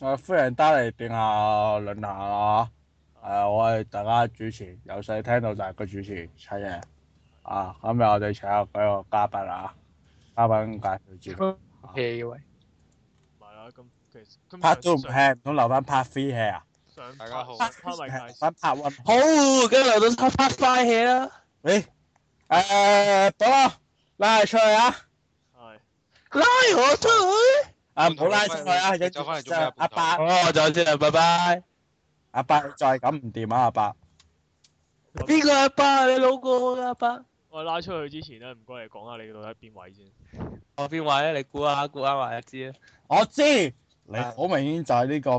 我歡迎得嚟，定下論下啊！誒，我係大家主持，由細聽到大個主持，陳爺啊，後尾我哋請下幾個嘉賓啊！嘉賓介紹先，hea 位，唔係啦，咁其實拍都唔 hea，咁留翻拍飛戲啊！大家好，翻拍運好，今日都拍快 hea 啦！誒，誒，得啦，拉出去啊！係，拉我出去。啊，唔好拉出去啊，一轉先啊，阿伯哦，轉先啦，拜拜，阿伯再咁唔掂啊，阿伯？邊個阿伯啊？你老哥啊，阿伯我拉出去之前咧，唔該你講下你到底邊位先，我邊位咧？你估下，估下話就知啦，我知你好明顯就係呢個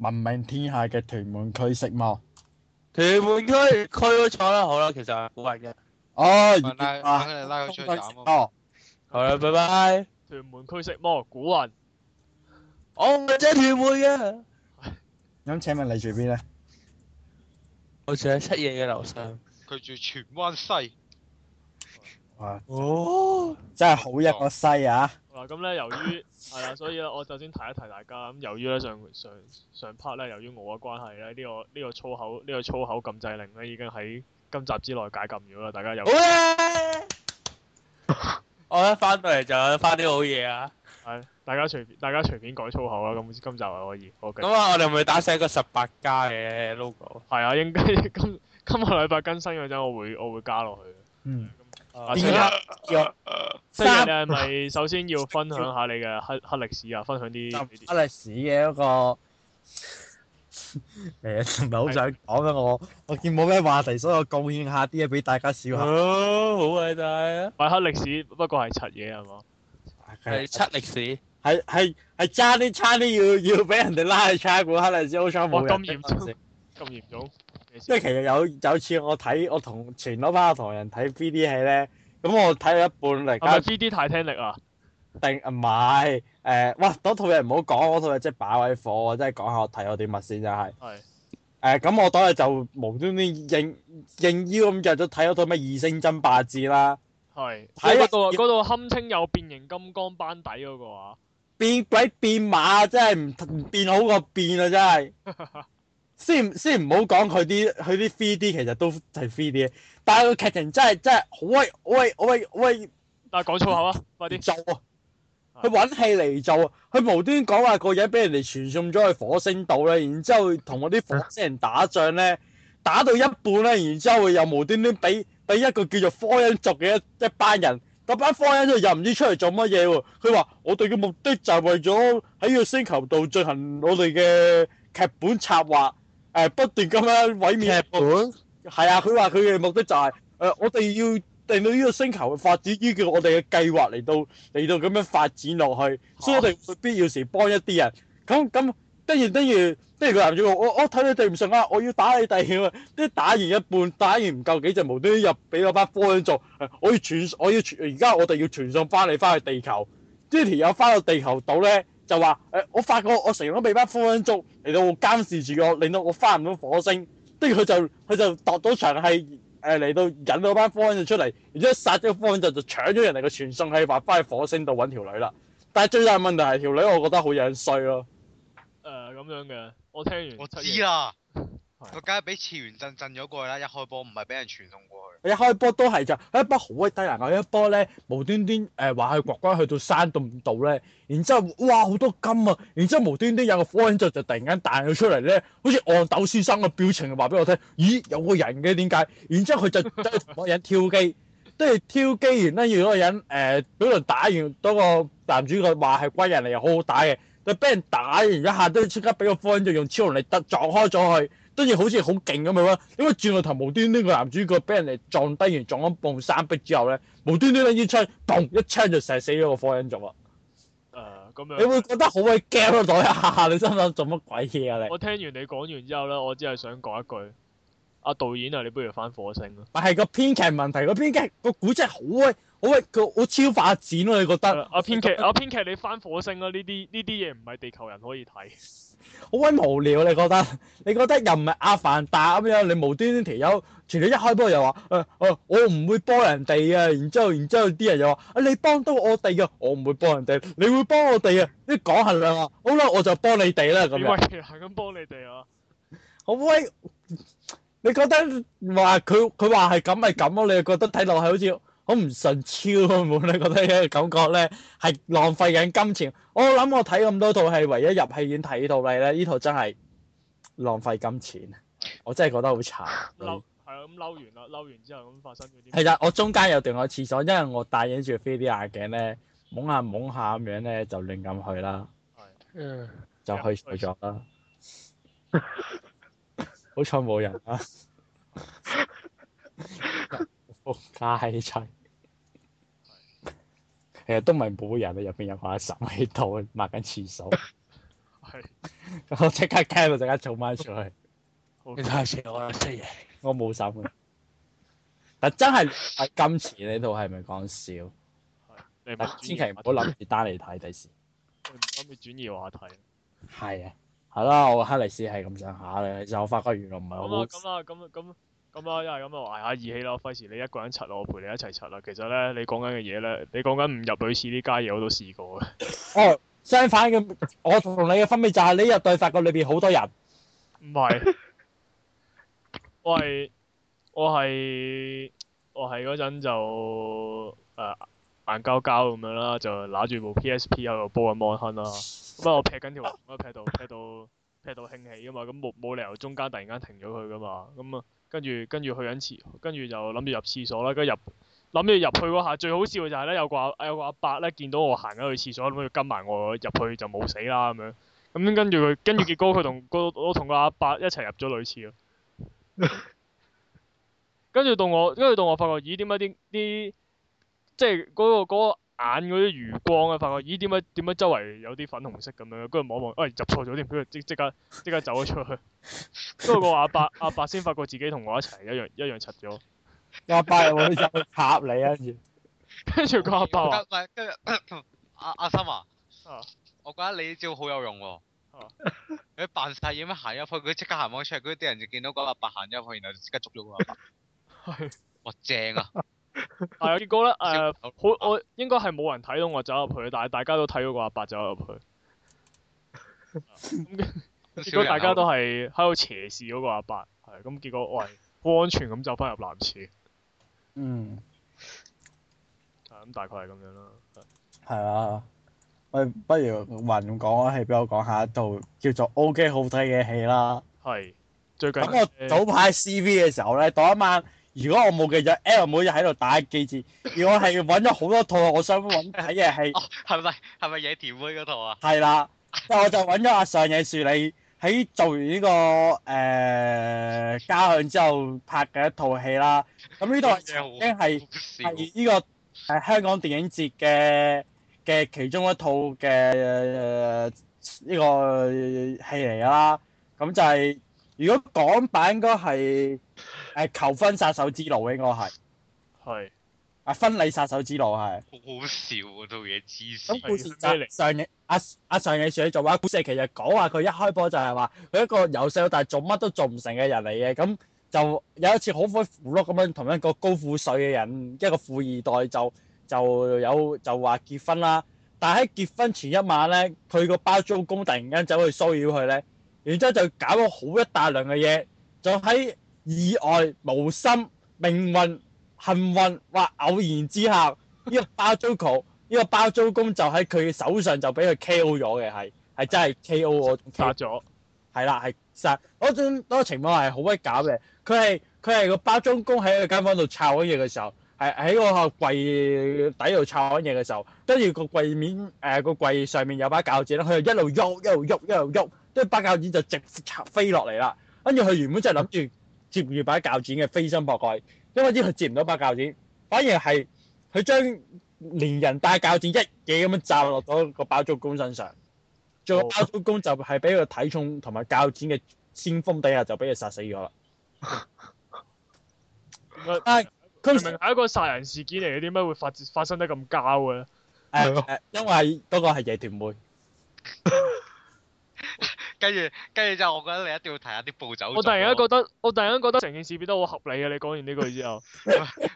聞名天下嘅屯門區食魔，屯門區區都錯啦，好啦，其實係古雲嘅哦，拉，等佢哋拉佢出去斬啊，好啦，拜拜，屯門區食魔古雲。我唔係真係團會嘅。咁請問你住邊咧？我住喺七夜嘅樓上。佢住荃灣西。哇！哦，哇真係好一個西、哦、啊！嗱，咁咧，由於係啦， 所以咧，我首先提一提大家咁。由於咧上上上 part 咧，由於我嘅關係咧，呢、呢個呢、呢個粗口呢、呢個粗口禁制令咧，已經喺今集之內解禁咗啦。大家有。 我一翻到嚟就有翻啲好嘢啊！係，大家隨便，大家隨便改粗口啦。咁今集係可以，咁、OK、啊，我哋唔係打醒個十八加嘅 logo。係啊，應該今今個禮拜更新嗰陣，我會我會加落去。嗯。即係、啊啊啊啊、你係咪首先要分享下你嘅黑 黑歷史啊？分享啲黑歷史嘅一、嗰個誒，唔係好想講啦的。我我見冇咩話題，所以我貢獻下啲嘢俾大家笑下。哦，oh, 好偉大啊！買黑歷史不過係柒嘢係嘛？係出歷史，係係係爭啲差啲，要要俾人哋拉去差館，可能只好彩 t 唱冇人。哇！咁嚴重，咁嚴重。即係其實有有次我睇，我同全班嘅同人睇 B D 戲咧，咁我睇到一半嚟。係咪 B D 太聽力啊？定唔係？誒，哇！嗰套嘢唔好講，嗰套嘢即係擺位火，我真係講下我睇我啲乜先就係。係。誒，咁我當日就無端端應應邀咁入咗睇嗰套咩《異星爭霸戰》啦。係睇下嗰度堪稱有變形金剛班底嗰個啊！變鬼變馬真係唔唔變好過變啊！真係先先唔好講佢啲佢啲 three d 其實都係 three d 但係個劇情真係真係好威好威好威好威！但係講粗口啊！快啲做啊！佢揾戲嚟做啊！佢無端講話個嘢俾人哋傳送咗去火星度啦，然之後同我啲火星人打仗咧，打到一半咧，然之後又無端端俾。第一個叫做科恩族嘅一一班人，咁班科恩族又唔知出嚟做乜嘢喎？佢話：我哋嘅目的就係為咗喺呢個星球度進行我哋嘅劇本策劃，誒不斷咁樣毀滅。劇本係啊，佢話佢嘅目的就係、是、誒、呃，我哋要令到呢個星球嘅發展依、這個叫我哋嘅計劃嚟到嚟到咁樣發展落去，所以我哋會必要時幫一啲人。咁咁。跟住，跟住，跟住，個男主角我我睇你對唔順啊，我要打你遞險啊！啲打完一半，打完唔夠幾隻，無端端入俾嗰班科影族，我要傳，我要傳，而家我哋要傳送翻你翻去地球。Judy 又翻到地球度咧，就話誒，我發覺我成日都俾班科影族嚟到監視住我，令到我翻唔到火星。跟住，佢就佢就度到場係誒嚟到引到班科影族出嚟，然之後殺咗科影族，就搶咗人哋個傳送器翻翻去火星度揾條女啦。但係最大問題係條女，我覺得好樣衰咯～誒，咁、嗯、樣嘅，我聽完我知啦，佢梗係俾次元震震咗過去啦。一開波唔係俾人傳送過去，一開波都係就，一波好鬼低能嘅，一波咧無端端誒話係國軍去到山洞度咧，然之後哇好多金啊，然之後無端端有個火影就就突然間彈咗出嚟咧，好似憨豆先生嘅表情話俾我聽，咦有個人嘅點解？然之後佢就即刻同嗰人跳機，即係 跳機完咧，要嗰人誒嗰輪打完，嗰個男主角話係軍人嚟，又好好打嘅。就俾人打完一下，都即刻俾個火影族用超能力突撞開咗佢，跟住好似好勁咁啊！因為轉個頭無端端個男主角俾人嚟撞低完，撞咗埲山壁之後咧，無端端拎支槍，咚一槍就射死咗個火影族啊！誒、uh，咁樣你會覺得好鬼驚啊！當一下下，你真諗心諗做乜鬼嘢啊你？我聽完你講完之後咧，我只係想講一句：阿、啊、導演啊，你不如翻火星啊！但係個編劇問題，個編劇個古真好啊！好威，佢好超發展咯、啊！你覺得啊，編劇啊，編劇，你，啊、編劇你翻火星啊！呢啲呢啲嘢唔係地球人可以睇，好鬼無聊、啊。你覺得你覺得又唔係阿凡達咁樣，你無端端條友，除咗一開波又話誒我唔會幫人哋啊。然之後，然之後啲人又話：啊，你幫到我哋嘅、啊，我唔會幫人哋，你會幫我哋啊！你講下啦，好啦，我就幫你哋啦咁樣，係咁幫你哋啊！好威，你覺得話佢佢話係咁咪咁咯？你覺得睇落係好似～好唔順超，我覺得覺得呢個感覺咧係浪費緊金錢。我諗我睇咁多套戲，唯一入戲院睇呢套嚟咧，呢套真係浪費金錢，我真係覺得好慘。嬲係啊，咁嬲完啦，嬲完之後咁發生咗啲係啊，我中間有段去廁所，因為我戴緊住 3D 眼鏡咧，懵下懵下咁樣咧就亂咁去啦，的就去去咗啦。 好彩冇人啊！撲街齊～其實都唔係冇人啊，入邊有一個阿嬸喺度抹緊廁所。係 的， 我即刻 cam，我即刻做埋出去。 我冇手嘅。但真係今次呢套係咪講笑？係。你但千祈唔好諗住單嚟睇，第 時。咁你 轉移話題。係啊，係咯，我哈里斯係咁上下嘅，就我發覺原來唔係好。咁啊咁啊咁啊咁。咁啦，因為咁啊，懷下義氣咯，費事你一個人柒啦，我陪你一齊柒啦。其實咧，你講緊嘅嘢咧，你講緊唔入女廁呢家嘢，我都試過嘅。哦，相反嘅，我同你嘅分別就係、係、你入到發覺裏邊好多人。唔係，我係我係我係嗰陣就誒硬膠膠咁樣啦，就拿住部 PSP 喺度煲緊 Mon Hun 啦。不過我劈緊條，我劈到劈到。踢到興起㗎嘛，咁冇冇理由中間突然間停咗佢噶嘛，咁啊，跟住跟住去緊廁，跟住就諗住入廁所啦，跟住入諗住入去嗰下最好笑就係咧，有個阿有個阿伯咧見到我行緊去廁所，咁佢跟埋我入去就冇死啦咁樣，咁跟住佢跟住結果，佢同哥我同個阿伯、伯一齊入咗女廁咯，跟住到我跟住到我發覺，咦，點解啲啲即係嗰個嗰個。嗰個眼嗰啲餘光啊，發覺咦點解點解周圍有啲粉紅色咁樣，跟住望望，哎入錯咗添，跟住即即刻即刻走咗出去。不過個阿伯阿伯先發覺自己同我一齊，一樣一樣柒咗。阿伯有冇入去嚇你啊？跟住跟住個阿伯跟住阿阿三啊， 我覺得你招好有用喎、哦。你 扮晒嘢行入去，佢即刻行咗出嚟，啲人就見到個阿伯行入去，然後即刻捉咗個阿伯。係。哇，正啊！係啊， 但結果咧，誒、呃，好，我應該係冇人睇到我走入去，但係大家都睇到個阿伯，伯走入去。 嗯、 結果大家都係喺度斜視嗰個阿伯，伯，係咁結果我係好安全咁走翻入男廁。嗯，咁、嗯 嗯、大概係咁樣啦。係啊，喂不如云講開戲，俾我講下一套叫做 O.K. 好睇嘅戲啦。係最近咁我早排 C.V. 嘅時候咧，當一晚。如果我冇記錯，L 妹喺度打機如果係揾咗好多套，我想揾睇嘅戲。係咪、 哦？係咪野田妹嗰套啊？係 啦，就我就揾咗阿上野樹里喺做完呢、呢個誒交響之後拍嘅一套戲啦。咁呢套已經係呢個係、呃、香港電影節嘅嘅其中一套嘅呢、呃呢個戲嚟㗎啦。咁就係、是、如果港版應該係。係求婚殺手之路，應該係係啊婚禮殺手之路係好好笑啊！套嘢，知識咁古時上嘅阿阿上嘅書就話，古時其實講話佢一開波就係話佢一個由細到大做乜都做唔成嘅人嚟嘅。咁就有一次好鬼胡碌咁樣，同一個高富帥嘅人，一個富二代就就有就話結婚啦。但係喺結婚前一晚咧，佢個包租公突然間走去騷擾佢咧，然之後就搞咗好一大量嘅嘢，就喺。意外無心，命運幸運或、呃、偶然之下，呢 個包租公，呢、這個包租公就喺佢手上就俾佢 K.O. 咗嘅，係係真係 K.O. 我發咗係啦，係 殺嗰種、那個那個、情況係好鬼搞嘅。佢係佢係個包租公喺個間房度摷緊嘢嘅時候，係喺個櫃底度摷緊嘢嘅時候，跟住個櫃面誒、呃那個櫃上面有把鉸剪啦，佢就一路喐一路喐一路喐，跟住把鉸剪就直插飛落嚟啦。跟住佢原本就係諗住。接住把鉸剪嘅飛身撲過去，因為啲佢接唔到把鉸剪，反而係佢將連人帶鉸剪一嘢咁樣罩落個個包租公身上，做包租公就係俾個體重同埋鉸剪嘅先鋒底下就俾佢殺死咗啦。佢明明係一個殺人事件嚟嘅，點解會發發生得咁膠嘅？誒、啊啊，因為嗰個係野田妹。 跟住，跟住就，我覺得你一定要睇下啲暴走族。我突然間覺得，我突然間覺得成件事變得好合理啊！你講完呢句之後，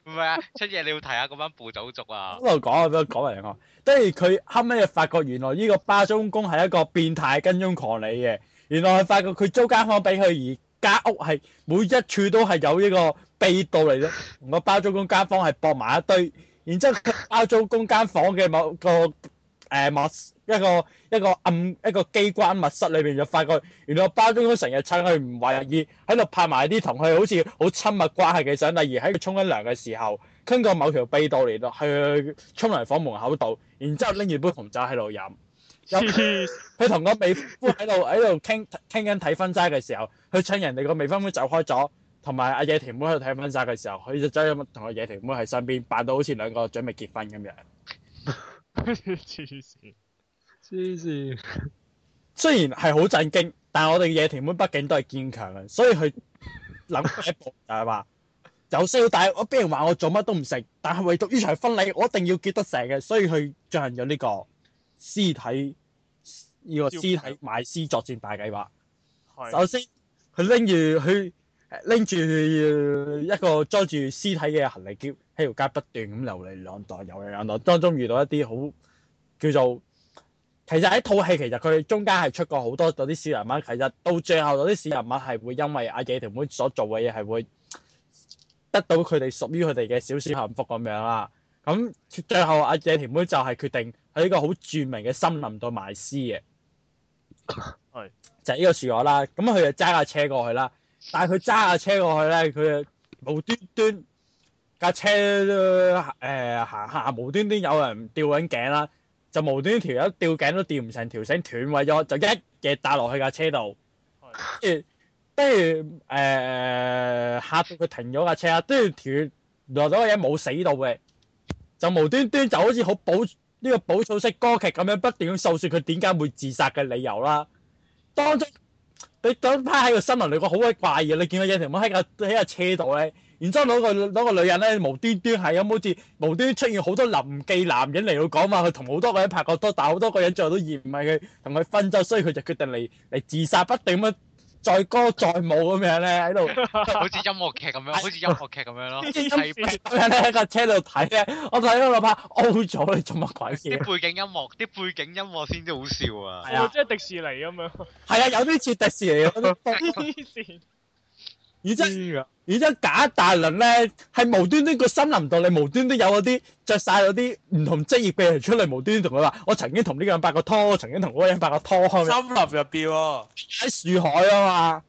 唔係 啊，七嘢你要睇下嗰班暴走族啊。不度講啊，不過講埋嚟講。跟住佢後尾就發覺，原來呢個包租公係一個變態跟蹤狂你嘅。原來佢發覺佢租間房俾佢，而間屋係每一處都係有呢個秘道嚟嘅。個包租公間房係駁埋一堆，然之後包租公間房嘅某個。誒，密一個一個暗一個機關密室裏邊，就發覺原來包公公成日趁佢唔為意，喺度拍埋啲同佢好似好親密關係嘅相。例如喺佢沖緊涼嘅時候，經過某條秘道嚟到去沖涼房門口度，然之後拎住杯紅酒喺度飲。佢同 個未婚夫喺度喺度傾傾緊睇婚紗嘅時候，佢趁人哋個未婚夫走開咗，同埋阿野田妹喺度睇婚紗嘅時候，佢就走去同個野田妹喺身邊，扮到好似兩個準備結婚咁樣。黐線，黐線。雖然係好震驚，但係我哋嘅野田妹畢竟都係堅強嘅，所以佢諗第一步就係、是、話， 有需要，但我俾人話我做乜都唔食，但係唯獨呢場婚禮我一定要結得成嘅，所以佢進行咗呢、這個屍體呢個屍體埋屍作戰大計劃。的首先，佢拎住佢拎住一個裝住屍體嘅行李篋。呢條街不斷咁流嚟兩代又嚟兩代，當中遇到一啲好叫做，其實喺套戲其實佢中間係出過好多嗰啲小人物，其實到最後嗰啲小人物係會因為阿姐條妹所做嘅嘢係會得到佢哋屬於佢哋嘅小小幸福咁樣啦。咁最後阿姐條妹就係決定喺一個好著名嘅森林度埋屍嘅，係就係呢個樹果啦。咁佢就揸架車過去啦，但係佢揸架車過去咧，佢就無端端。架車誒、呃、行下無端端有人吊緊頸啦，就無端端條友吊頸都吊唔成，條繩斷位咗，就一嘅打落去架車度。跟住、嗯，跟住誒嚇到佢停咗架車啦，都要斷落咗個嘢冇死到嘅，就無端端就好似好補呢個補醋式歌劇咁樣不斷咁訴説佢點解會自殺嘅理由啦。當中你當番喺個新聞裏邊好鬼怪嘅，你見到有條友喺架喺架車度咧。然之後攞、嗰個嗰個女人咧，無端端係咁好似無端端出現好多臨記男人嚟到講話，佢同好多個人拍過拖，但好多個人最後都嫌棄佢，同佢分咗，所以佢就決定嚟嚟自殺，不斷咁載歌載舞咁樣咧喺度，好似 音樂劇咁樣，好似音樂劇咁樣咯。啲喺個車度睇咧，我睇到我拍 O 咗，你做乜鬼事？啲 背景音樂啲背景音樂先至好笑啊！係啊、 哎，即係迪士尼咁樣。係、哎、啊，有啲似迪士尼啲然之後，然之後搞一大輪咧，係無端端個森林度，你無端端有嗰啲着晒嗰啲唔同職業嘅人出嚟，無端端同佢話：我曾經同呢個人拍過拖，曾經同嗰個人拍過拖。喎，森林入邊喎，喺樹海啊嘛，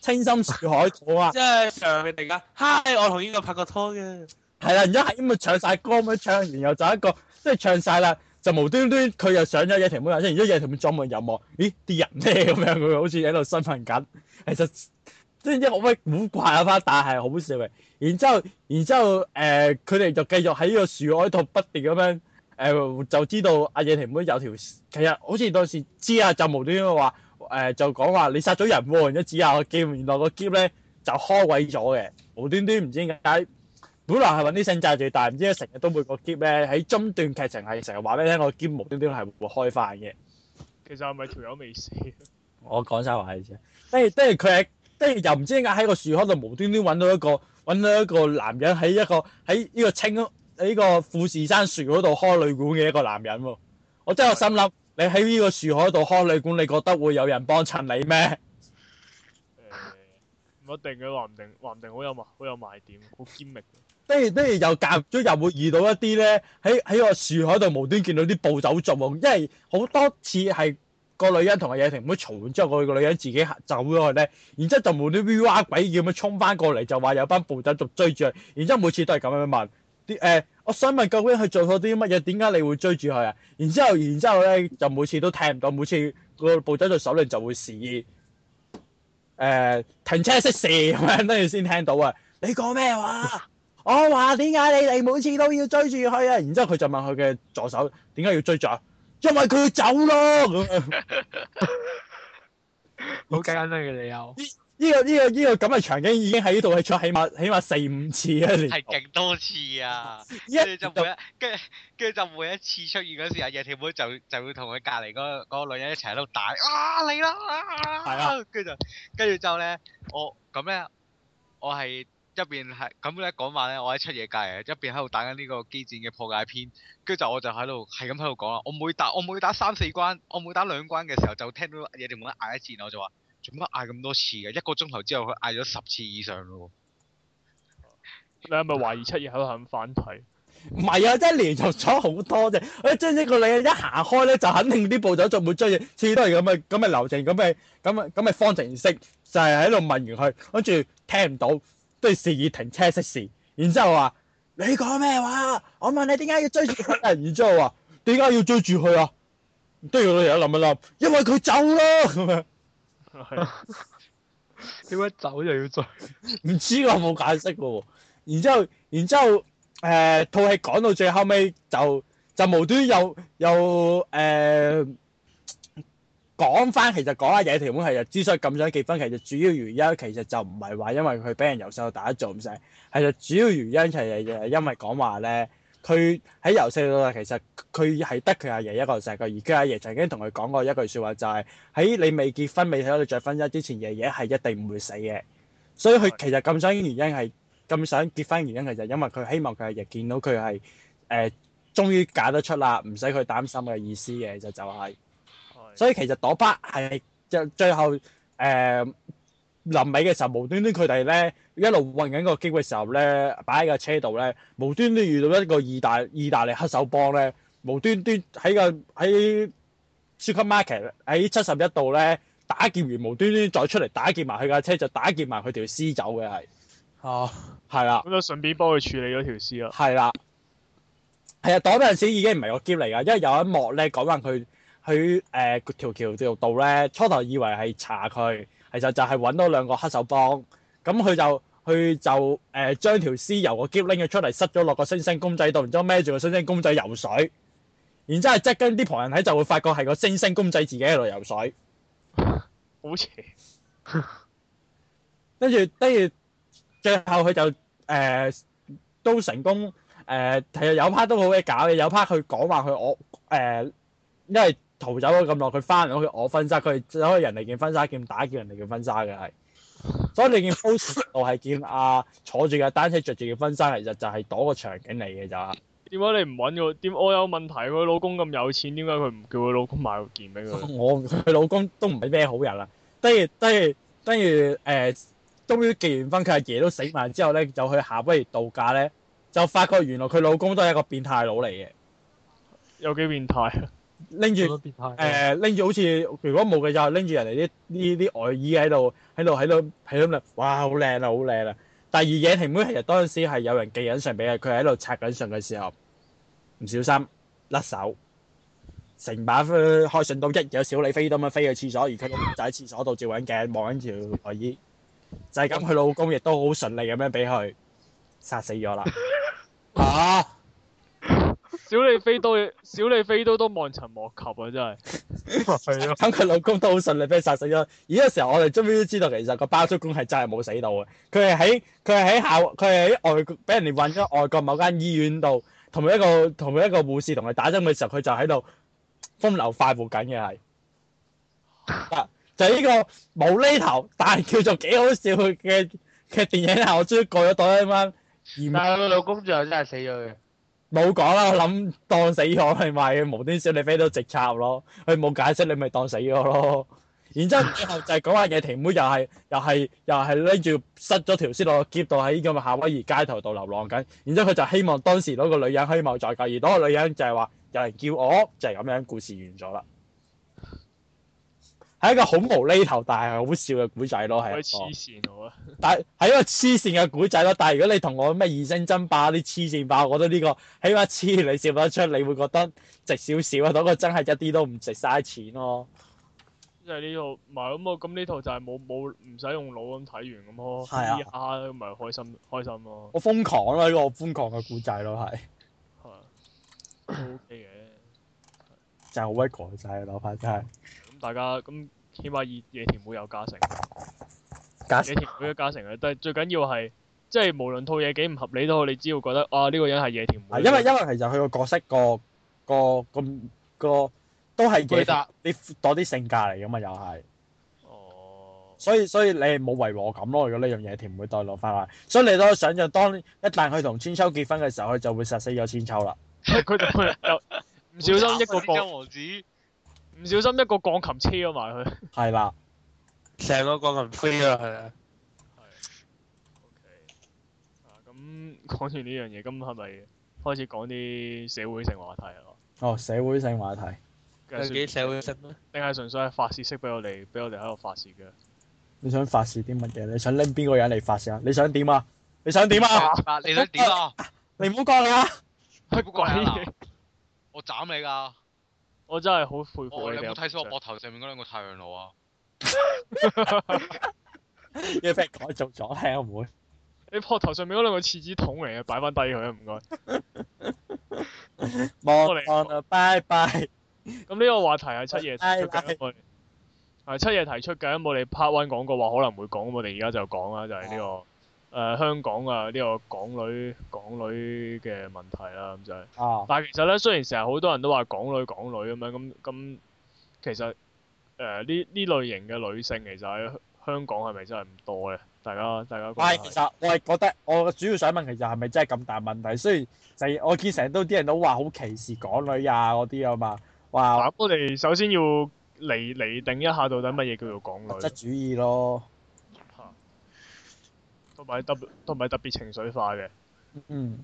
青森樹海好啊。即係上面嚟噶，嗨！Hi, 我同呢個拍過拖嘅，係啦，然之後咁啊唱晒歌咁樣唱，然後就一個即係唱晒啦，就無端端佢又上咗嘢，條妹啊，然之後又同佢撞埋入望，咦？啲人咩咁樣？佢好似喺度身份緊，其實。即係一個咩古怪啊！翻但係好笑嘅，然之後，然之後，誒，佢哋就繼續喺個樹海度不斷咁樣，誒，就知道阿夜婷妹有條，其實好似到時知啊，就無端端話，誒，就講話你殺咗人喎，然之後，指下個劍，原來個劍咧就開位咗嘅，無端端唔知點解，本來係揾啲性質最大，但係唔知咧成日都會個劍咧，喺中段劇情係成日話俾你聽，個劍無端端係會開翻嘅。其實係咪條友未死？我講曬話嘅啫，即係即係佢係。即係又唔知點解喺個樹海度無端端揾到一個揾到一個男人，喺一個喺呢個青喺個富士山樹海度開旅館嘅一個男人喎，啊，我真係心諗對 你喺呢個樹海度開旅館，你覺得會有人幫襯你咩？誒，欸，唔一定嘅，話唔定話唔定，定好有賣好有賣點，好堅密。即而的而又夾咗又會遇到一啲咧喺喺個樹海度無端端見到啲暴走族喎，因為好多次係。個女人同阿野婷唔咁嘈完之後，佢個女人自己走咗去咧，然之後就冇啲 V、R、鬼叫咁衝翻過嚟，就話有班暴走族追住佢，然之後每次都係咁樣問啲誒、呃，我想問究竟佢做咗啲乜嘢？點解你會追住佢啊？然之後，然之後咧就每次都聽唔到，每次個暴走族在手裏就會示意誒、呃、停車熄匙咁樣，跟住先聽到啊！你講咩話？我話點解你哋每次都要追住佢啊？然之後佢就問佢嘅助手點解要追住啊？因為佢要走咯，咁啊，好簡單嘅理由。呢呢個呢個呢個咁嘅場景已經喺呢度係出現起起碼四五次啊，係勁多次啊！一就每，跟住跟住就每一次出現嗰時，阿夜條妹就就會同佢隔離嗰個嗰個女人一齊喺度打，啊你啦！係啊，跟住就跟住之後咧，我咁咧，我係。一邊係咁咧講話咧，那個、我喺出夜界嘅，一邊喺度打緊呢個機戰嘅破解篇。跟住就我就喺度係咁喺度講啦。我每打我每打三四關，我每打兩關嘅時候就聽到人哋冇得嗌一次。我就話做乜嗌咁多次嘅？一個鐘頭之後，佢嗌咗十次以上咯。你係咪懷疑出夜喺度係咁反題？唔係 啊！真連續真一連就咗好多啫。我知呢個女人，一行開咧，就肯定啲步驟就冇追嘢，次次都係咁嘅，咁咪流程咁咪咁咪咁咪方程式就係喺度問完佢，跟住聽唔到。都係示意停車熄匙，然之後話：你講咩話？我問你點解要追住佢啊？然之後話：點解要追住佢啊？都要有人諗一諗，因為佢走啦咁樣。點解 走又要追？唔知我冇解釋喎。然之後，然之後，誒套戲講到最後尾就就無端又又誒。講翻其實講阿嘢條本係之所以咁想結婚，其實主要原因其實就唔係話因為佢俾人由細到大做唔成，係就主要原因就係因為講話咧，佢喺由細到大其實佢係得佢阿爺一個成個，而家阿爺曾經同佢講過一句説話，就係、是、喺你未結婚未喺度着婚紗之前，爺爺係一定唔會死嘅。所以佢其實咁想原因係咁想結婚原因，其、就、實、是、因為佢希望佢阿爺見到佢係誒終於嫁得出啦，唔使佢擔心嘅意思嘅就就是、係。所以其實朵巴係就最後誒臨尾嘅時候，無端端佢哋咧一路運緊個機會嘅時候咧，擺喺架車度咧，無端端遇到一個意大意大利黑手幫咧，無端端喺個喺 Supermarket 喺七十一度咧打劫完，無端端再出嚟打劫埋佢架車，就打劫埋佢條屍走嘅係，啊，係、uh, 啦，咁就順便幫佢處理咗條屍啦，係啦，係啊，躲嗰陣時已經唔係個劫嚟噶，因為有一幕咧講緊佢。佢誒、呃、條橋條道咧，初頭以為係查佢，其實就係揾多兩個黑手幫。咁佢就佢就誒、呃、將條屍由個篋拎咗出嚟，塞咗落個星星公仔度，然之後孭住個星星公仔游水。然之後即跟啲旁人睇就會發覺係個星星公仔自己喺度游水。好邪 跟住跟住，最後佢就誒、呃、都成功誒、呃，其實有 part 都好鬼搞嘅，有 part 佢講話佢我誒，因為。逃走咗咁耐，佢翻嚟攞我婚紗，佢攞人哋件婚紗，見打見人哋件婚紗嘅係。所以你件 pose 我係見阿坐住架單車着住件婚紗，其實就係躲個場景嚟嘅咋。點解你唔揾個？點我有問題？佢老公咁有錢，點解佢唔叫佢老公買件俾佢？ 我佢老公都唔係咩好人啦、啊。等如等如等如誒，終於結完婚，佢阿爺都死埋之後咧，就去夏威夷度假咧，就發覺原來佢老公都係一個變態佬嚟嘅。有幾變態拎住誒拎住好似，如果冇嘅就拎住人哋啲啲啲外衣喺度，喺度喺度喺度，哇好靚啊好靚啊！第二野蠻妹其實當時係有人寄緊信俾佢，佢喺度拆緊信嘅時候唔小心甩手，成把、呃、開信刀一嘢小李飛刀咁飛去廁所，而佢就喺廁所度照緊鏡望緊條外衣，就係咁佢老公亦都好順利咁樣俾佢殺死咗啦。 小李飛刀，小李飛刀都望塵莫及啊！真係，等佢老公都好順利俾佢殺死咗。而家時候，我哋終於都知道其實個包租公係真係冇死到嘅。佢係喺佢係喺校，佢係喺外國俾人哋運咗外國某間醫院度，同佢一個同佢一個護士同佢打針嘅時候，佢就喺度風流快活緊嘅係。嗱，就係呢個無厘頭但係叫做幾好笑嘅嘅電影啦！我終於過咗袋一晚。但係佢老公最後真係死咗嘅。冇講啦，諗當死咗你咪無端端你飛到直插咯，佢冇解釋你咪當死咗咯。然之後最後就係講話野田妹又係又係又係拎住塞咗條屍落攞劫到喺咁嘅夏威夷街頭度流浪緊。然之後佢就希望當時嗰個女人可以再介意，嗰個女人就係話有人叫我，就係、是、咁樣。故事完咗啦。係一個好無厘頭但係好笑嘅古仔咯，係、啊、一黐線我。但係係一個黐線嘅古仔咯，但係如果你同我咩二星爭霸啲黐線霸，我覺得呢個起碼黐，你笑得出，你會覺得值少少啊。不過真係一啲都唔值嘥錢咯。即係呢套唔係咁，咁呢套就係冇冇唔使用腦咁睇完咁咯，係啊咁咪開心開心咯、啊。我、這、瘋、個、狂啦呢個，我瘋狂嘅古仔咯係。O K 嘅。 就係好威狂晒嘅諗真係。真大家咁，起碼野野田會有加成，野田會有加成嘅，都最緊要係，即係無論套嘢幾唔合理都好，你只要覺得啊呢個人係野田，因為因為其實佢個角色個個咁個都係，你你多啲性格嚟噶嘛又係，哦，所以所以你係冇違和感咯，如果呢樣野田唔會代落翻嚟，所以你都可以想像當一旦佢同千秋結婚嘅時候，佢就會殺死咗千秋啦，佢就唔小心一個國王子。唔小心一個鋼琴車咗埋佢。係啦，成個鋼琴飛咗佢啊。係。OK，啊咁講完呢樣嘢，咁係咪開始講啲社會性話題啊？哦，社會性話題。佢幾社會性咩？定係純粹係發泄識俾我哋，俾我哋喺度發泄嘅？你想發泄啲乜嘢？你想拎邊個人嚟發泄啊？你想點啊？你想點啊？你想點啊？你唔好講啦！佢講嘢。我斬你㗎！我真係好佩服你哋。有冇睇住我膊頭上面嗰兩個太陽爐啊？一俾改做咗兄妹。你膊頭上面嗰兩個廁紙桶嚟嘅，擺翻低佢啊！唔該。冇。拜拜。咁呢個話題係七夜提出嘅。係七夜提出嘅，冇你 part one 講過話可能會講，咁我哋而家就講啦，就係呢個。誒、呃、香港啊，呢、這個港女港女嘅問題啦、啊，咁就係、是。啊、但係其實咧，雖然成日好多人都話港女港女咁樣，咁咁其實誒呢呢類型嘅女性，其實喺、呃、香港係咪真係唔多咧？大家大家、哎。其實我係覺得，我主要想問，其實係咪真係咁大問題？雖然成我見成日都啲人都話好歧視港女啊嗰啲啊嘛，話。我哋首先要釐釐定一下，到底乜嘢叫做港女、啊？物質主義咯。都唔係特都唔係特別情緒化嘅，嗯，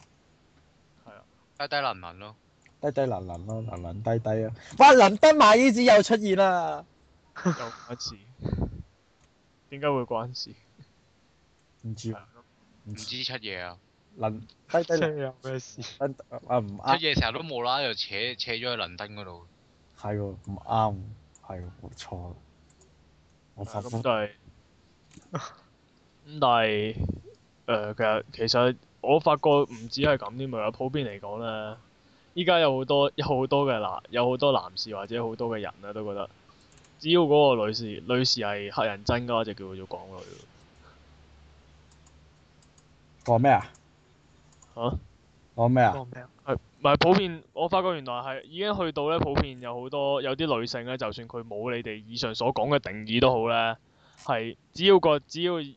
係啊，低低能能咯，低低能能咯，能能低低啊！哇，倫敦馬爾子又出現啦，又關事，點解會關事？唔知啊，唔知出嘢啊，倫低低有咩事？倫啊唔啱出嘢成日都無啦啦又扯扯咗去倫敦嗰度，係喎，唔啱，係喎，冇錯，我發覺咗。咁但係、呃，其實我發覺唔止係咁啲嘛，普遍嚟講呢，依家有好多有好多嘅男，有好多男士或者好多嘅人咧都覺得，只要嗰個女士女士係乞人憎嘅話，就叫佢做港女。講咩啊？嚇！講咩啊？講咩啊？唔係普遍？我發覺原來係已經去到呢，普遍有好多有啲女性呢，就算佢冇你哋以上所講嘅定義都好咧。係，只要個只要有人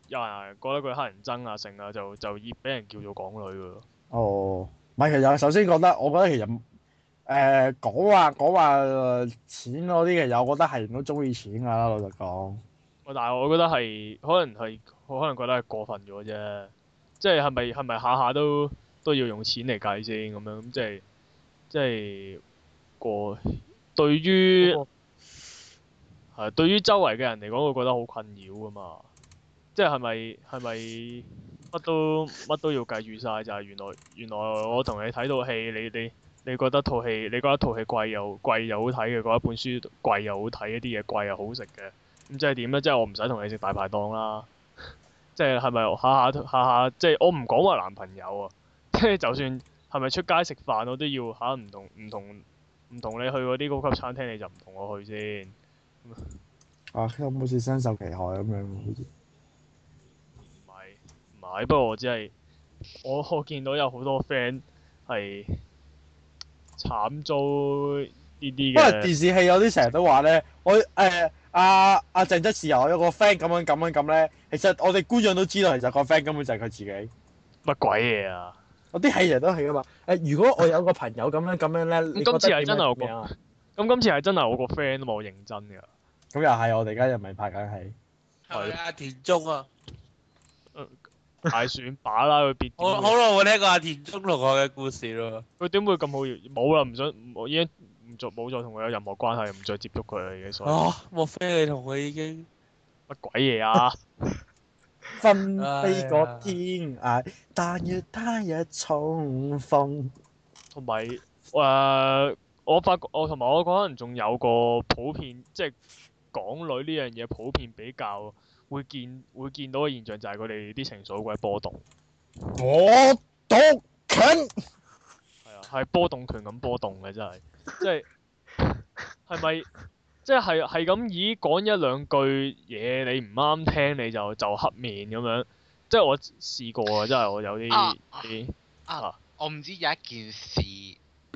覺得佢黑人憎啊，成啊，就就易俾人叫做港女噶咯。哦，唔係，其實首先覺得，我覺得其實誒、呃、講話講話錢嗰啲，嘅，其實我覺得係人都中意錢噶啦，老實講。但係我覺得係可能係，我可，可能覺得係過分咗啫。即係係咪係咪下下都都要用錢嚟計先咁樣咁即係即係過對於。Oh. 誒，對於周圍嘅人嚟講，我覺得好困擾㗎嘛！即係咪係咪乜都乜都要計住晒？就係、是、原來原來我同你睇套戲，你你你覺得套戲你覺得套戲貴又貴又好睇嘅，覺得一本書貴又好睇一啲嘢貴又好食嘅，咁即係點呢？即、就、係、是、我唔使同你食大排檔啦！即係係咪下下下下即係我唔講話男朋友啊？即 係就算係咪出街食飯，我都要吓唔同唔同唔同你去嗰啲高級餐廳，你就唔同我去先。啊！有冇似身受其害咁樣？唔係唔係，不過我只係我我見到有好多 friend 係慘遭呢啲嘅。因為電視劇有啲成日都話咧，我誒阿阿鄭則仕啊，啊啊有個 friend 咁樣咁樣咁咧，其實我哋觀眾都知道，其實個 friend 根本就係佢自己。乜鬼嘢啊？我啲戲人都係噶嘛？誒、呃，如果我有個朋友咁樣咁樣咧，咁、嗯、今次係真係我，我個，咁今次係真係我個 friend 都冇我認真噶。咁又係，我哋而家又咪拍緊戲。係啊，田中啊，大選把啦佢別。好耐冇聽過阿田中落嘅故事咯。佢點會咁好？冇啦，唔想，我已經唔做冇再同佢有任何關係，唔再接觸佢啦，已經。啊，莫非你同佢已經乜鬼嘢啊？分飛過天涯，但願他日重逢。同埋誒，我發覺我同埋我可能仲有個普遍，即係。港女呢樣嘢普遍比較會見會見到嘅現象就係佢哋啲情緒好鬼波動，我獨勁係啊係波動權咁波動嘅真係， 即係係咪即係係咁咦講一兩句嘢你唔啱聽你就就黑面咁樣，即係我試過我啊，真係、啊啊、我有啲啊我唔知有一件事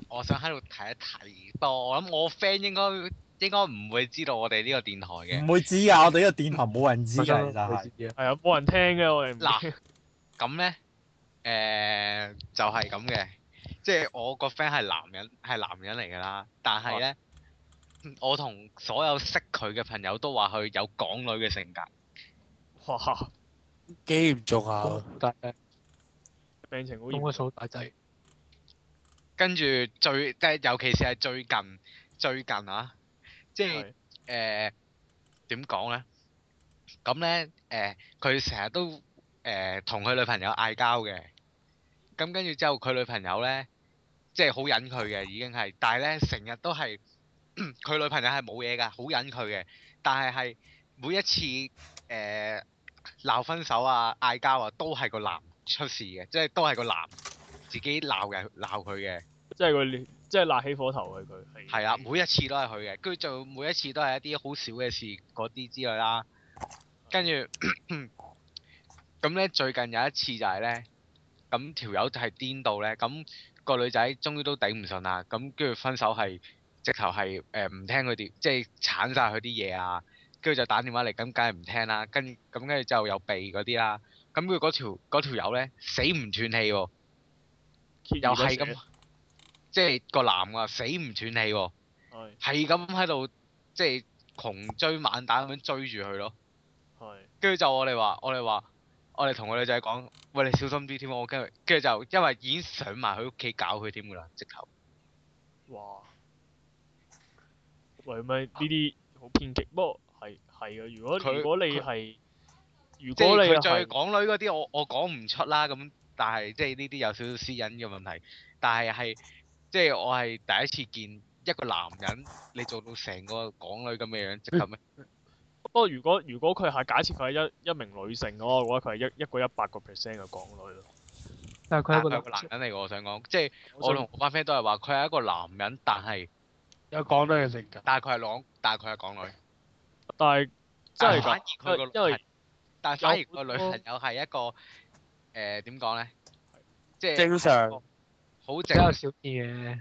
我想喺度睇一睇，多，過我諗我 friend 應該。應該唔會知道我哋呢個電台嘅，唔會知噶。 我哋呢個電台冇人知㗎，就係。係啊，冇人聽嘅我哋。嗱咁咧，誒就係咁嘅，即係我個 friend 係男人，係男人嚟㗎啦。但係咧，啊、我同所有識佢嘅朋友都話佢有港女嘅性格。哇！幾嚴重啊！哇是病情好嚴重，大劑。跟住最，即係尤其是係最近，最近啊～即係誒點講咧？咁咧誒，佢成日都誒同佢女朋友嗌交嘅。咁跟住之後，佢女朋友咧即係好忍佢嘅已經係，但係咧成日都係佢女朋友係冇嘢㗎，好忍佢嘅。但係係每一次誒鬧、呃、分手啊、嗌交啊，都係個男出事嘅，即係都係個男自己鬧嘅，鬧佢嘅。即係佢，即係辣起火頭嘅佢。係啊，每一次都係佢嘅，跟住就每一次都係一啲好少嘅事嗰啲之類啦。跟住咁咧，最近有一次就係咧，咁條友就係顛到咧，咁個女仔終於都頂唔順啦，咁跟住分手係直頭係誒唔聽佢啲，即係鏟晒佢啲嘢啊，跟住就打電話嚟，咁梗係唔聽啦，跟咁跟住就又避嗰啲啦，咁佢嗰條嗰條友咧死唔斷氣喎，又係咁。即係個男啊、喔，死唔斷氣喎，係咁喺度，即係窮追猛打咁樣追住佢咯，係的。跟住就我哋話，我哋話，我哋同個女仔講，喂你小心啲添，我驚佢。跟住就因為已經上埋佢屋企搞佢添㗎啦，直頭。哇！喂，咪呢啲好偏激，不過係係啊。如果果你係，如果你再港女嗰啲，我我講唔出啦咁。但係即係呢啲有少少私隱嘅問題，但係係。即係我係第一次見一個男人，你做到成個港女咁嘅樣，即係咩？不過如果如果佢係假設佢係一一名女性，我覺得佢係一一個一百個 percent 嘅港女咯。但係佢係一個男人嚟嘅，我想講，即係我同我班 friend 都係話，佢係一個男人，但係有港女嘅性格。但係佢係朗，但係佢係港女。但係即係反而佢個因為但係反而個女朋友係一個誒點講咧？即係正常。好，比較少見嘅，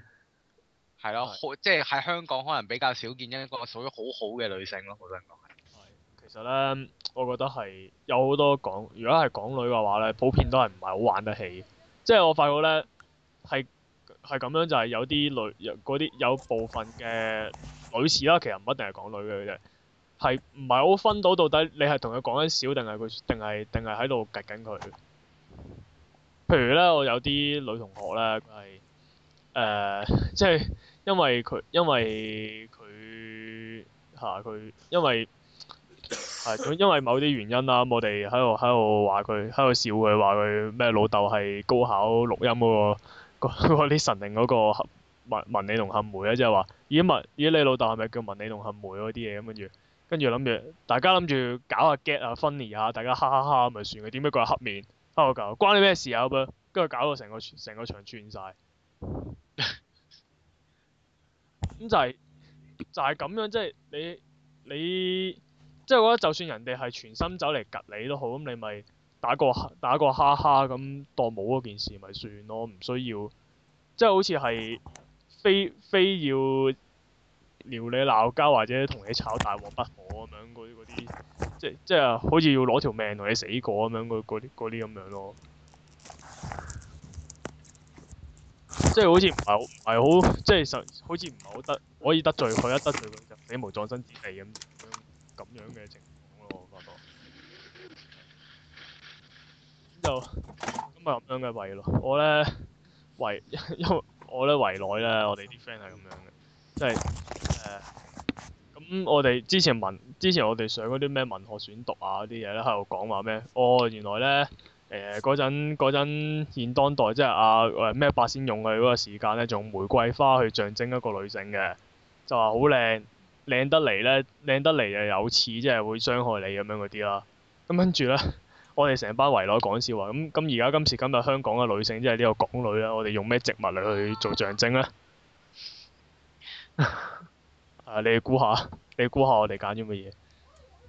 係咯，即係喺香港可能比較少見一個屬於好好嘅女性咯，好多人講。係，其實咧，我覺得係有好多港，如果係港女嘅話咧，普遍都係唔係好玩得起。即係、嗯、我發覺咧，係係咁樣就係有啲女，有嗰啲有部分嘅女士啦，其實唔一定係港女嘅啫，係唔係好分到到底你係同佢講緊少定係佢，定係定係喺度夾緊佢。譬如咧，我有啲女同學咧，佢係誒，即係因為佢，因為佢嚇佢，因為係佢，因為某啲原因啦。我哋喺度喺度話佢，喺度笑佢，話佢咩老豆係高考錄音嗰個嗰嗰啲 listening 嗰個冚文文理同冚梅啊，即係話咦文咦你老豆係咪叫文理同冚梅嗰啲嘢咁，跟住跟住諗住大家諗住搞下 get 啊 funny 啊，大家哈哈哈咪算佢。點解佢係黑面？蝦我、okay，關你咩事啊咁、 嗯就係就係、樣？跟住搞到成個成個場串晒，咁就係就係咁樣，即係你你即係我覺得就算人哋係全心走嚟及你都好，咁你咪打個打個哈哈咁當冇嗰件事咪算咯，唔需要即係、就係、好似係非非要撩你鬧交或者同你炒大鑊不可咁樣啲嗰啲。即即係好似要攞條命同你死過咁樣嗰啲嗰啲咁樣咯，即係好似唔係好唔係好即係實好似唔係好得可以得罪佢，一得罪佢就死無葬身之地咁樣咁樣嘅情況咯，我覺得就咁啊咁樣嘅為咯，我咧為因為我咧為內咧，我哋啲 friend 係咁樣嘅，即係誒。呃咁、嗯、我哋之前文，之前我哋上嗰啲咩文學選讀啊啲嘢呢，喺度講話咩？哦，原來呢，誒嗰陣嗰陣現當代，即係啊咩八仙用嘅嗰個時間咧，用玫瑰花去象徵一個女性嘅，就話好靚，靚得嚟呢，靚得嚟又有刺，即係會傷害你咁樣嗰啲啦。咁跟住呢，我哋成班圍內講笑話，啊，咁咁而家今時今日香港嘅女性，即係呢個港女咧，我哋用咩植物嚟去做象徵呢？誒、 啊，你估下？你估下我哋揀咗乜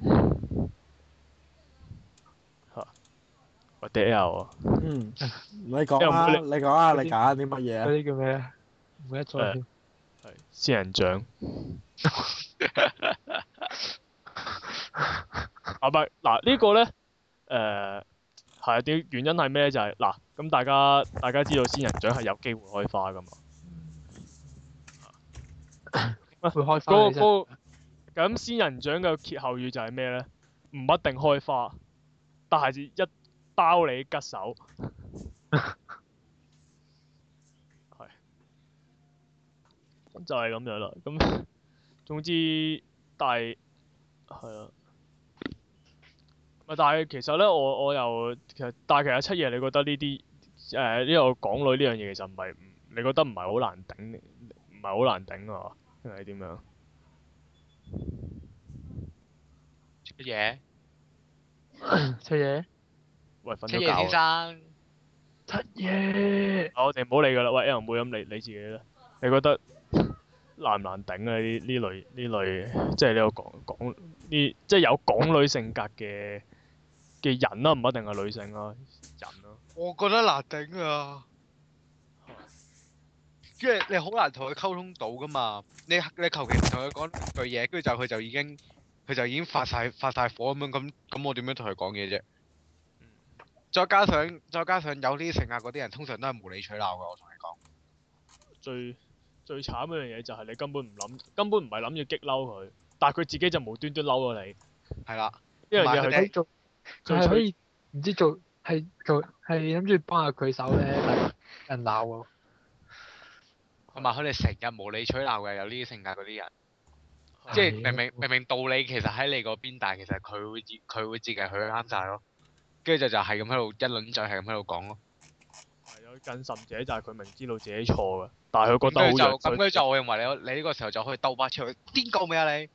嘢？嚇！我 dead 啊！嗯，唔使講啦，你講啊，你揀啲乜嘢啊？嗰啲叫咩啊？唔記得咗添。係仙人掌。啊，唔係，嗱，呢個咧，誒係啲原因係咩咧？就係嗱，咁大家大家知道仙人掌係有機會開花㗎嘛？點解會開花咧？嗰個嗰個。咁仙人掌嘅歇後語就係咩咧？唔一定開花，但係一包你吉手，係 就係咁樣啦。咁總之，但係係啊，唔但係其實咧，我我又其實，但係其實七爺你、呃這個實，你覺得呢啲誒呢個港女呢樣嘢其實唔係你覺得唔係好難頂，唔係好難頂啊？係點樣？出嘢，出嘢，喂，瞓咗覺。出嘢先生，出嘢。我哋唔好理佢啦，喂 A 楊妹，咁你你自己啦。你覺得難唔難頂啊？呢呢類呢類，即係呢個港港呢，即係、就是、有港女性格嘅嘅人咯、啊，唔一定係女性咯、啊，人咯、啊。我覺得難頂啊，因為你好難同佢溝通到噶嘛，你你求其同佢講句嘢，跟住就佢就已經。佢就已經發曬發曬火咁樣，咁咁我點樣同佢講嘢啫？再加上再加上有啲性格嗰啲人，通常都係無理取鬧㗎。我同你講，最最慘嗰樣嘢就係你根本唔諗，根本唔係諗住激嬲佢，但係佢自己就無端端嬲咗你。係啦，因為佢係可以，可以唔知做係做係諗住幫下佢手咧，但係人鬧我。同埋佢哋成日無理取鬧嘅，有呢啲性格嗰啲人。即係明明 明明道理其實喺你嗰邊，但係其實佢會自佢會自認佢啱晒咯，跟住就就係咁喺度一輪嘴係咁喺度講咯。係更甚者就係佢明知道自己錯嘅，但係佢覺得好弱，咁嘅就我認為你你呢個時候就可以鬥白出嚟，邊個未啊你？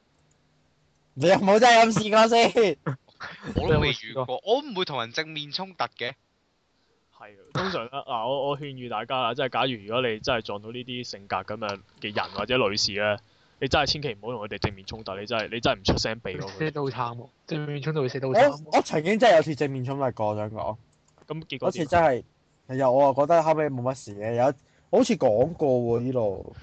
你有冇真係暗示過先？ 我未遇過， 有有過我唔會同人正面衝突嘅。係 啊，通常啦，嗱我我勸喻大家啊，即係假如如果你真係撞到呢啲性格咁樣嘅人或者女士咧。你真係千祈唔好同佢哋正面衝突，你真係你真係唔出聲避咯。死都慘喎，正面衝到慘。我我曾經真係有次正面衝突過，我想講。咁結果好似真係，又我又覺得後尾冇乜事嘅。有好似講過喎呢度。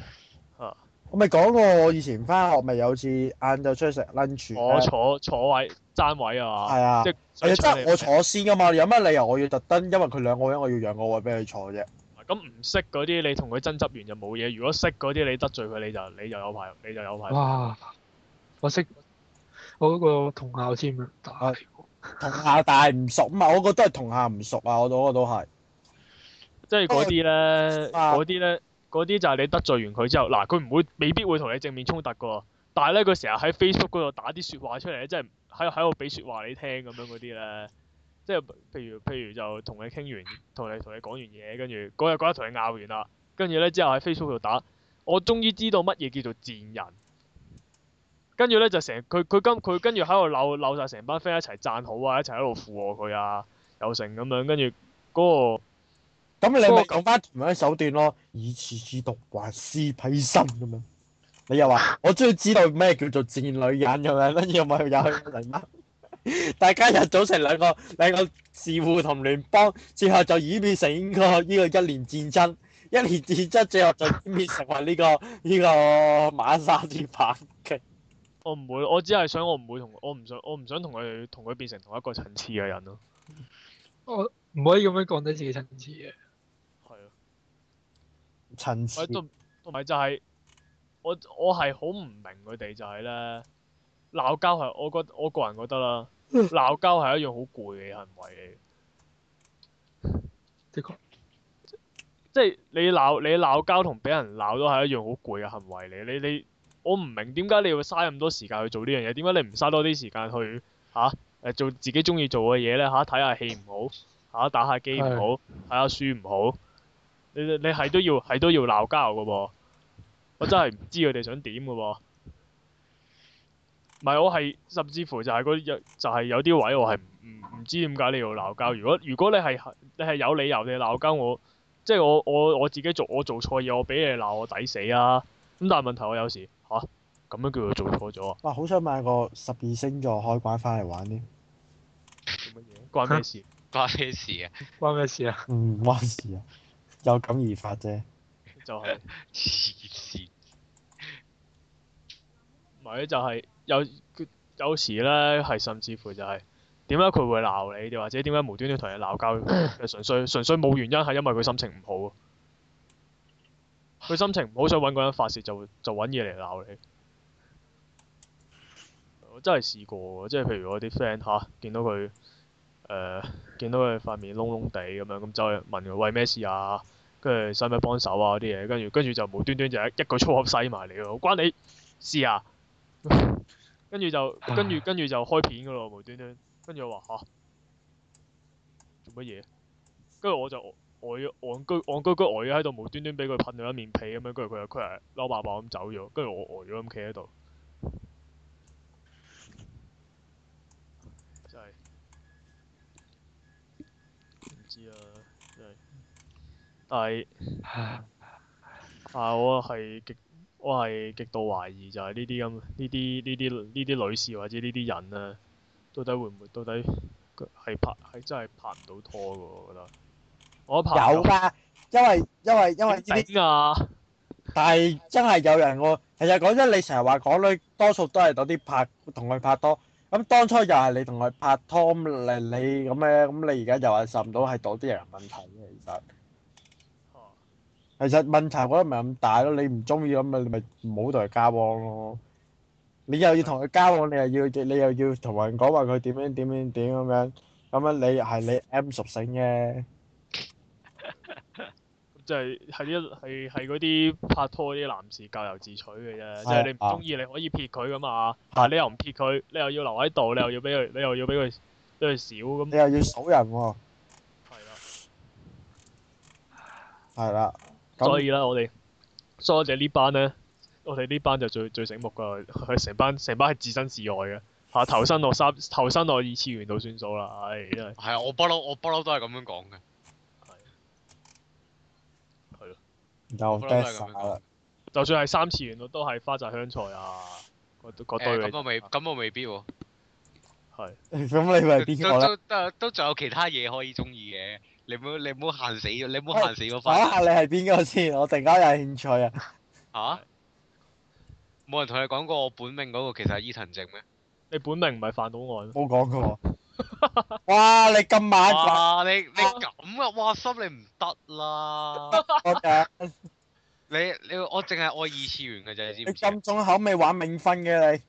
啊！我咪講過我以前翻學咪有次晏晝出去食 lunch。我坐坐位爭位啊嘛。係啊。即係我坐先噶嘛，有乜理由我要特登？因為佢兩個人，我要讓個位俾佢坐啫。咁唔、嗯、識嗰啲，你同佢爭執完就冇嘢；如果識嗰啲，你得罪佢，你就你就有排，你就有排。有哇！我識我嗰個同校先，同校但係唔熟啊嘛，我覺得係同校唔熟啊，我嗰個都係。即係嗰啲咧，嗰啲咧，嗰啲就係你得罪完佢之後，嗱佢唔會未必會同你正面衝突噶，但係咧佢成日喺 Facebook 嗰度打啲説話出嚟即真係喺喺度俾説話你聽咁樣嗰啲咧。即係譬如譬如就同你傾完，同你同你講完嘢，跟住嗰日嗰日同你拗完啦，跟住咧之後喺 Facebook 度打，我終於知道乜嘢叫做賤人，跟住咧就成日佢佢今佢跟住喺度鬧鬧晒成班 friend 一齊讚好啊，一齊喺度附和佢啊，又成咁樣，跟住嗰個，咁你咪講翻同樣手段咯，以此之毒還屍體心咁樣，你又話我終於知道咩叫做賤女人咁樣，跟住又咪入去一嚟 大家就組成兩個兩個市戶同聯邦，最後就演變成呢個呢個一年戰爭，一年戰爭最後就演變成話呢個呢 個馬沙之反擊。我唔會，我只係想我唔會同我唔想我唔想同佢同佢變成同一個層次嘅人咯。我唔可以咁樣降低自己層次嘅。係啊，層次。同埋就係我我係好唔明佢哋就係咧鬧交係我覺我個人覺得啦。鬧交係一樣好攰嘅行為嚟。你的確。即係你鬧你鬧交同俾人鬧都係一樣好攰嘅行為嚟。你你我唔明點解你要嘥咁多時間去做呢樣嘢？點解你唔嘥多啲時間去嚇誒、啊、做自己中意做嘅嘢咧？嚇睇下戲唔好，嚇、啊、打下機唔好，睇下書唔好。你你你係都要係都要鬧交㗎喎。我真係唔知佢哋想點㗎喎。唔係我係，甚至乎就係個有，就係、係、有啲位我係唔唔知點解你要鬧交。如果如果你係你係有理由，你鬧交我，即、就、係、係、我我我自己做我做錯嘢，我俾你鬧我抵死啊！咁但係問題我有時吓，咁、啊、樣叫佢做錯咗啊！哇！好想買個十二星座開關翻嚟玩啲。做乜嘢？關咩事？ 關咩事嘅？關咩事啊？關事啊，嗯，關事啊！有感而發啫、就係經。 就係、係。黐線。唔係就係。有有時呢係甚至乎就係點解佢會鬧你，或者點解無端端同你鬧交，係純粹純粹冇原因，係因為佢心情唔好。佢心情唔好，想揾個人發泄，就就揾嘢嚟鬧你。我真係試過，即係譬如我啲 friend 嚇，見到佢誒、呃，見到佢塊面燶燶地咁樣，咁走去問佢喂，咩事啊？跟住使唔使幫手啊嗰啲嘢，跟住跟住就無端端就一一句粗口篩埋你咯，關你事啊！跟住 就，跟住跟住就開片噶咯，無端端。跟住我話吓，做乜嘢？跟住我就呆戇居，戇居居呆住喺度，無端端俾佢噴咗一面皮咁樣。跟住佢佢係嬲爆爆咁走咗。跟住我呆咗咁企喺度。真係。唔知啊，真係。但係，但係， 啊，我係極。我係極度懷疑，就係呢啲咁，呢啲呢啲呢啲女士或者呢啲人啊，到底會唔會？到底係拍係真係拍唔到拖嘅喎？我覺得。我有㗎，啊，因為因為因為呢啲。頂行啊！ 但係真係有人喎，其實講真，你成日話講女，多數都係嗰啲拍同佢拍拖。咁當初又係你同佢拍拖，咁你咁咧，咁你而家又話受唔到，係多啲人問題其實。其實問題我覺得唔係咁大咯，你唔中意咁咪你咪唔好同佢交往咯。你又要同佢交往，你又要你又要同人講話佢點樣點樣點咁樣，咁樣你係你 M 屬性嘅。咁就係係一係係嗰啲拍拖啲男士咎由自取嘅啫，即係你唔中意你可以撇佢噶嘛，但係你又唔撇佢，你又要留喺度，你又要俾佢，你又要俾佢俾佢少咁。你又要數人喎？係啦。係啦。所以啦，我哋那所以我哋呢班咧，我哋呢班就最最醒目噶，佢成班成班係置身事外嘅，嚇投生落三投身落二次元度算數啦，唉、哎、真係。係啊，我不嬲，我不嬲都係咁樣講嘅。係對。係咯對。又驚就，就算係三次元度，都係花澤香菜啊，各咁、欸、我未，咁我未必喎、哦。係，咁、嗯、你咪邊個都仲有其他嘢可以中意嘅，你唔好你唔好限死，你唔好限死我翻。我問下你係邊個先，我突然間有興趣啊！吓？冇人同你講過我本命嗰個其實係伊藤靜咩？你本命唔係范東岸冇講過。哇！你咁猛！哇！你你咁啊！哇！心 Okay. 你唔得啦！我嘅，你你我淨係愛二次元嘅啫，你知唔知？你咁重口味玩冥分嘅你。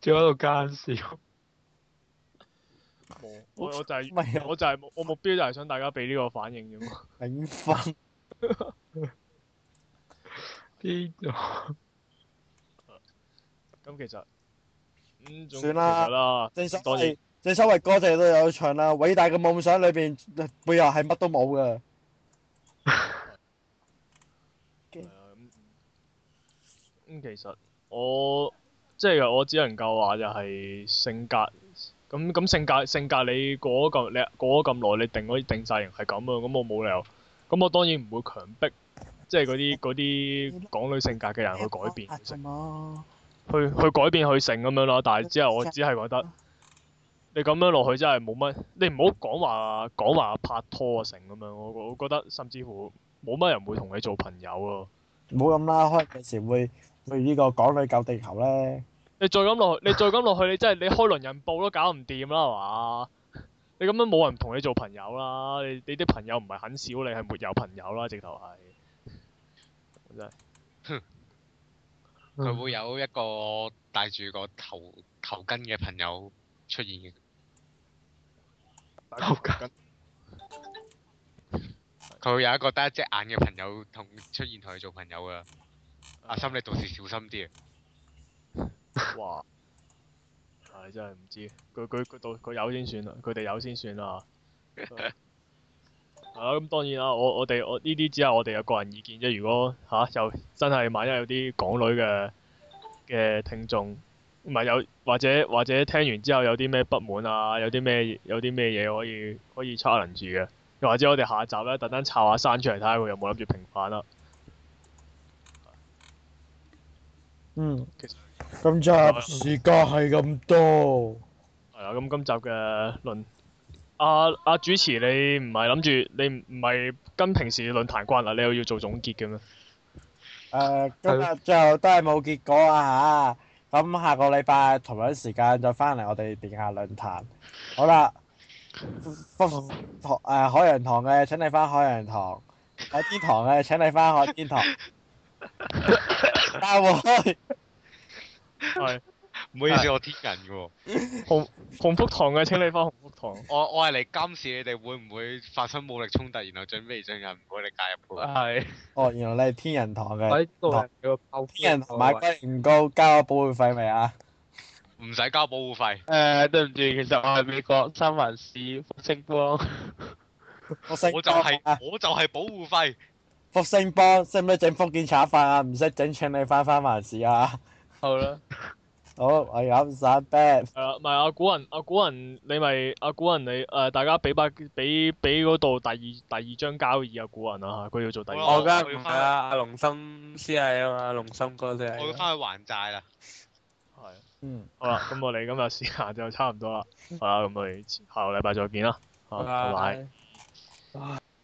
仲喺度奸笑，我我就係，我就係，我目標就係想大家俾呢個反應啫嘛。頂分邊個？咁其實咁算啦，正所謂正所謂，歌仔都有唱啦。偉大嘅夢想裏邊，背後係乜都冇嘅。其實我即係、就是、我只能夠話就係性格咁咁、嗯嗯嗯、性格性格你過咗咁你過咗咁耐你定可以定曬型係咁啊！咁、嗯、我冇理由，咁、嗯、我當然唔會強迫，即係嗰啲嗰啲港女性格嘅人去改變，去去改變去成咁樣咯、啊。但係之後我只係覺得你咁樣落去真係冇乜，你唔好講話講話拍拖啊成咁樣，我我覺得甚至乎冇乜人會同你做朋友啊！唔好咁啦，有時會。譬呢個港女救地球咧，你再咁落去，你再咁落去，你真係你開輪印報都搞唔掂啦，係嘛？你咁樣冇人同你做朋友啦，你你啲朋友唔係很少，你係沒有朋友啦，直頭係。真係，佢會有一個戴住個頭頭巾嘅朋友出現嘅。戴頭巾。佢巾會有一個得一隻眼嘅朋友同出現同佢做朋友㗎。.阿心，你到時小心啲。哇！係真係唔知，佢佢佢到佢有先算啦，佢哋有先算啦。係、啊、咯，咁、 啊啊、當然啦，我我哋我呢啲只係我哋有個人意見啫。如果吓、啊、又真係萬一有啲港女嘅嘅聽眾，唔係有或者或者聽完之後有啲咩不滿啊，有啲咩有啲咩嘢可以可以 challenge 嘅，又或者我哋下集咧，特登炒下山出嚟睇下佢有冇諗住平反啦。啊嗯，其實今集時間係咁多，係、嗯、啊，咁今集嘅論，阿阿主持你唔係諗住你唔唔係跟平時嘅論壇關啦，你又要做總結嘅咩？誒、呃，今日最後都係冇結果的啊嚇！咁下個禮拜同樣時間再翻嚟我哋電下論壇，好啦，學、呃、誒海洋堂嘅請你翻海洋堂，海天堂嘅請你翻海天堂。 打開，係，唔好意思，我天人嘅，洪洪福堂嘅，清理返洪福堂。我我係嚟監視你哋，會唔會發生武力衝突，然後準備進入唔好你介入。係，哦，原來你係天人堂嘅，天人堂，天人堂買龜唔高，交保護費未啊？唔使交保護費。誒，對唔住，其實我係美國三藩市福星光，我就係我就係保護費。福星幫識唔識整福建炒飯啊？唔識整，請你翻翻民事啊！好啦，好，我有省 bad 係啊，唔係阿古人，啊古人，你咪啊古人，你誒，大家俾把俾俾嗰度第二第二張交易阿古人啊，佢要做第二。我梗係要翻阿龍心師係啊嘛，龍心哥先。我要翻去還債啦。係。嗯。好啦，咁我哋今日綫下就差唔多啦。好啊，咁我哋下個禮拜再見啦。好，拜拜。